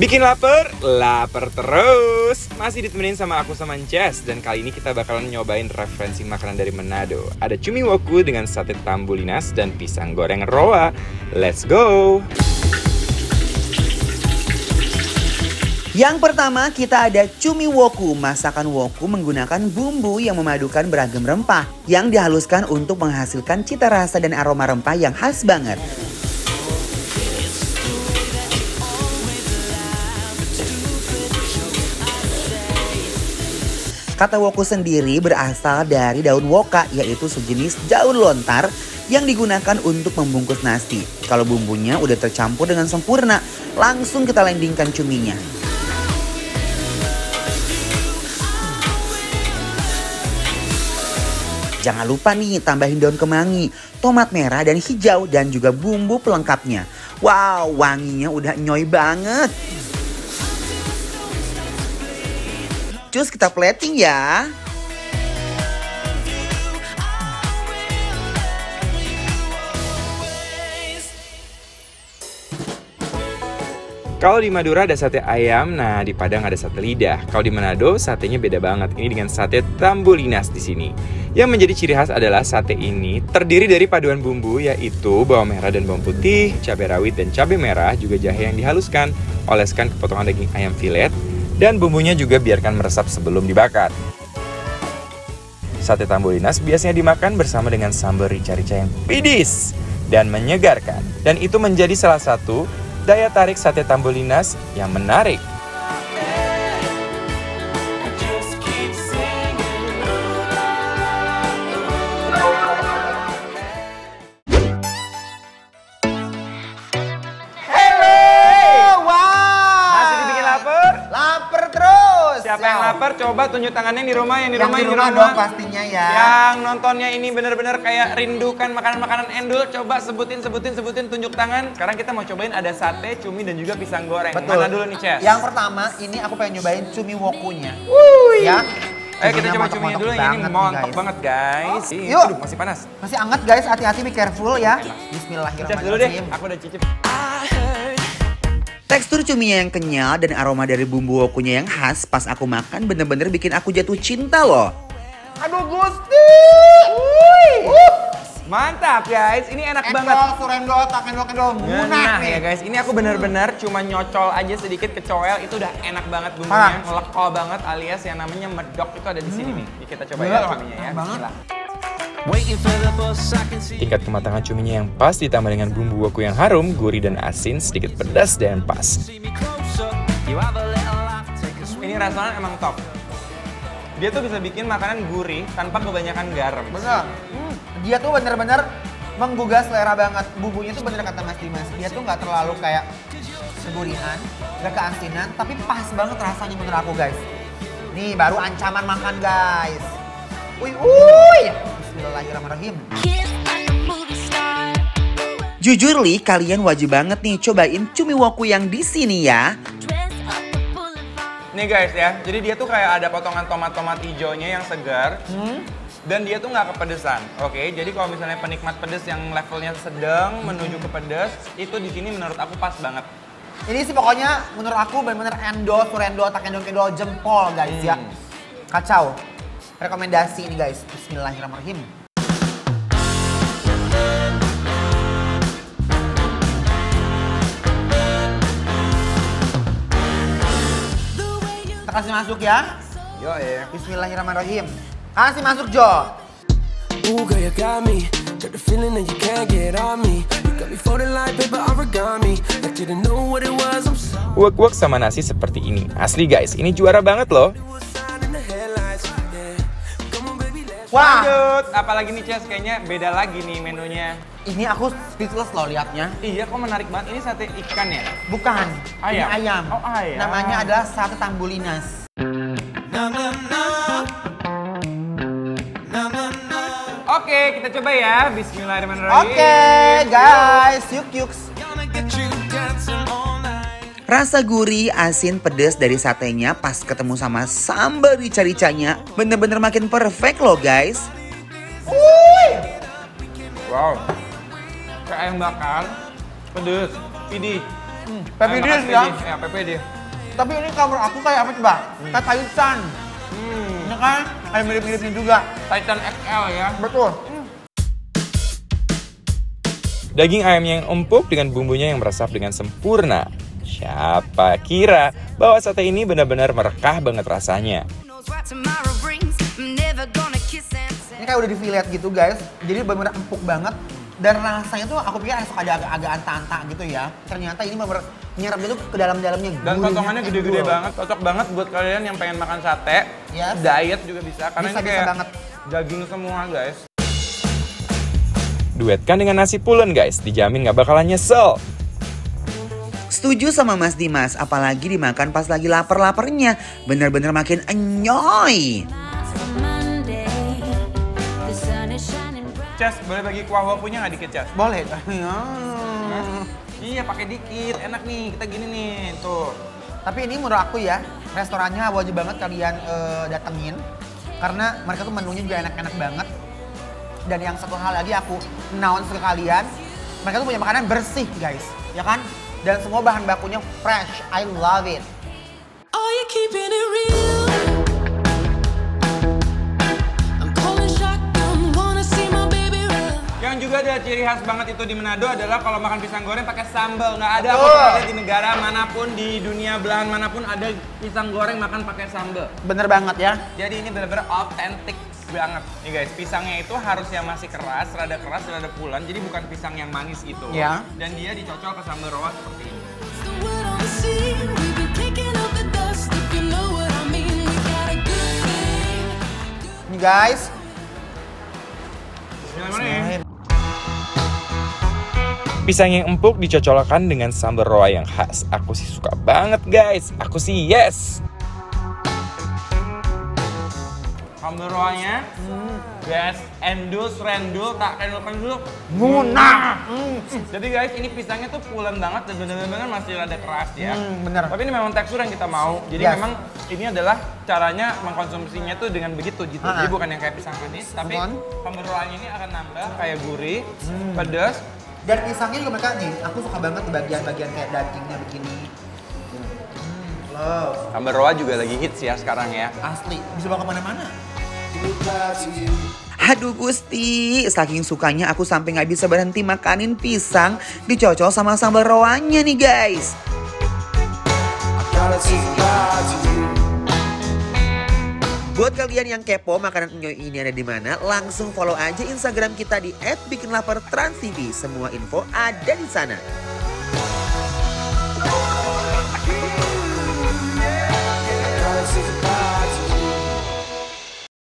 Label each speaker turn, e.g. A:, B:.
A: Bikin lapar? Lapar terus! Masih ditemenin sama aku sama Jess Dan kali ini kita bakalan nyobain referensi makanan dari Manado Ada cumi woku dengan sate tambulinas dan pisang goreng roa Let's go!
B: Yang pertama kita ada cumi woku. Masakan woku menggunakan bumbu yang memadukan beragam rempah yang dihaluskan untuk menghasilkan cita rasa dan aroma rempah yang khas banget. Kata woku sendiri berasal dari daun woka yaitu sejenis daun lontar yang digunakan untuk membungkus nasi. Kalau bumbunya udah tercampur dengan sempurna, langsung kita landingkan cuminya. Jangan lupa nih tambahin daun kemangi, tomat merah dan hijau dan juga bumbu pelengkapnya. Wow, wanginya udah nyoy banget. cus kita plating ya.
A: Kalau di Madura ada sate ayam, nah di Padang ada sate lidah. Kalau di Manado satenya beda banget. Ini dengan sate tambulinas di sini. Yang menjadi ciri khas adalah sate ini terdiri dari paduan bumbu yaitu bawang merah dan bawang putih, cabai rawit dan cabai merah, juga jahe yang dihaluskan. Oleskan ke potongan daging ayam filet, dan bumbunya juga biarkan meresap sebelum dibakar. Sate tambolinas biasanya dimakan bersama dengan sambal rica-rica yang pedis dan menyegarkan. Dan itu menjadi salah satu daya tarik sate tambolinas yang menarik. Siapa yang lapar coba tunjuk tangannya di rumah yang di rumah yang di rumah, yang di rumah dong pastinya ya. Yang nontonnya ini benar-benar kayak rindukan makanan-makanan endul coba sebutin sebutin sebutin tunjuk tangan. Sekarang kita mau cobain ada sate, cumi dan juga pisang goreng. Betul. Mana dulu nih, Ces? Yang
B: pertama ini aku pengen nyobain cumi wokunya. Wuih. Ya.
A: Ayo kita coba cumi dulu yang ini mantap banget guys. Oh, yuk. Aduh, masih panas.
B: Masih anget guys, hati-hati be careful ya. Bismillahirrahmanirrahim. Cicip dulu deh,
A: aku udah cicip. Ah.
B: Tekstur cuminya yang kenyal dan aroma dari bumbu wokunya yang khas pas aku makan bener-bener bikin aku jatuh cinta
A: loh. Aduh Gusti! Mantap guys, ini enak endol, banget. Endol, endol, tak endol, nah, munah nah, nih. ya guys, ini aku bener-bener cuma nyocol aja sedikit ke coel, itu udah enak banget bumbunya, melekol banget alias yang namanya medok itu ada di sini hmm. nih. Kita coba iya, ya cuminya ya, banget. Tingkat kematangan cuminya yang pas ditambah dengan bumbu waku yang harum, gurih dan asin, sedikit pedas dan pas. Ini restoran emang top. Dia tuh bisa bikin makanan gurih tanpa kebanyakan garam. Benar.
B: Hmm. Dia tuh benar-benar menggugah selera banget. Bumbunya tuh bener kata Mas Dimas. Dia tuh nggak terlalu kayak segurihan, nggak keasinan, tapi pas banget rasanya menurut aku guys. Nih baru ancaman makan guys. Wih, wih. Bismillahirrahmanirrahim. Jujur li, kalian wajib banget nih cobain cumi woku yang di sini ya.
A: Nih guys ya, jadi dia tuh kayak ada potongan tomat-tomat hijaunya yang segar. Hmm? Dan dia tuh nggak kepedesan, oke? Okay? Jadi kalau misalnya penikmat pedes yang levelnya sedang hmm. menuju ke pedes, itu di sini menurut aku pas banget. Ini sih pokoknya
B: menurut aku benar-benar endol, surendo, tak endo, endol, jempol guys ya. hmm. ya. Kacau rekomendasi ini guys. Bismillahirrahmanirrahim. Kita kasih masuk ya. Yo ya. Bismillahirrahmanirrahim. Kasih masuk Jo. Ooh, girl, you got the feeling that you can't get on me. You got me folding like paper origami. I didn't know what it was. I'm
A: sorry. sama nasi seperti ini. Asli guys, ini juara banget loh. Wah. Lanjut. Apalagi nih Ces, kayaknya beda lagi nih menunya. Ini aku speechless loh liatnya. Iya, kok menarik banget. Ini sate ikan ya? Bukan. Ayam. Ini ayam.
B: Oh, ayam. Namanya adalah sate tambulinas.
A: Oke, kita coba ya. Bismillahirrahmanirrahim. Oke, guys.
B: Yuk, yuk. Rasa gurih, asin, pedas dari satenya pas ketemu sama sambal rica-ricanya bener-bener makin perfect loh guys.
A: Wuih! Wow, kayak yang bakar, pedes, pidi. Hmm, pedes ya? Ya, dia. Tapi ini cover aku kayak apa coba? Hmm. Kayak Titan. Hmm. Ini ya kan kayak mirip-miripnya juga. Titan XL ya? Betul. Hmm. Daging ayam yang empuk dengan bumbunya yang meresap dengan sempurna. Siapa kira bahwa sate ini benar-benar merekah banget rasanya.
B: Ini kayak udah di fillet gitu guys, jadi benar-benar empuk banget. Dan rasanya tuh aku pikir esok ada agak-agak antanta gitu ya. Ternyata ini benar nyerapnya tuh ke dalam-dalamnya.
A: Dan potongannya gitu gede-gede banget, cocok banget buat kalian yang pengen makan sate. Yes. Diet juga bisa, karena bisa, ini kayak bisa banget. daging semua guys. Duetkan dengan nasi pulen guys, dijamin nggak bakalan nyesel.
B: Setuju sama Mas Dimas, apalagi dimakan pas lagi lapar-laparnya. Bener-bener makin enyoy.
A: Cas, boleh bagi kuah wapunya nggak dikit, Cas? Boleh. iya, pakai dikit. Enak nih, kita gini nih. Tuh.
B: Tapi ini menurut aku ya, restorannya wajib banget kalian uh, datengin. Karena mereka tuh menunya juga enak-enak banget. Dan yang satu hal lagi aku announce ke kalian, mereka tuh punya makanan bersih guys. Ya kan? dan semua bahan bakunya fresh. I love it. Are you keeping it real.
A: Yang juga ada ciri khas banget itu di Manado adalah kalau makan pisang goreng pakai sambal. Nggak ada aku apa di negara manapun, di dunia belahan manapun ada pisang goreng makan pakai sambal. Bener banget ya. Jadi ini bener-bener authentic banget. Nih guys, pisangnya itu harusnya masih keras, rada keras, rada pulen. Jadi bukan pisang yang manis gitu. Ya. Dan dia dicocol ke sambal roa seperti ini. Ini guys. Pisang yang empuk dicocolkan dengan sambal roa yang khas. Aku sih suka banget guys. Aku sih yes. Hamburgernya hmm. best endus, rendul, tak rendul dulu, munah. Hmm. Jadi guys, ini pisangnya tuh pulen banget dan benar-benar masih ada keras ya. Hmm, bener. Tapi ini memang tekstur yang kita mau. Jadi yes. memang ini adalah caranya mengkonsumsinya tuh dengan begitu gitu. Ha -ha. Jadi bukan yang kayak pisang manis, tapi hamburgernya ini akan nambah kayak gurih, hmm. pedas.
B: Dan pisangnya juga mereka nih, aku suka banget bagian-bagian kayak dagingnya begini.
A: Hmm, juga lagi hits ya sekarang ya. Asli,
B: bisa bawa kemana-mana. Aduh Gusti, saking sukanya aku sampai nggak bisa berhenti makanin pisang dicocol sama sambal roanya nih guys. Buat kalian yang kepo makanan Enyoy ini ada di mana, langsung follow aja Instagram kita di @bikinlapertransTV. Semua info ada di sana.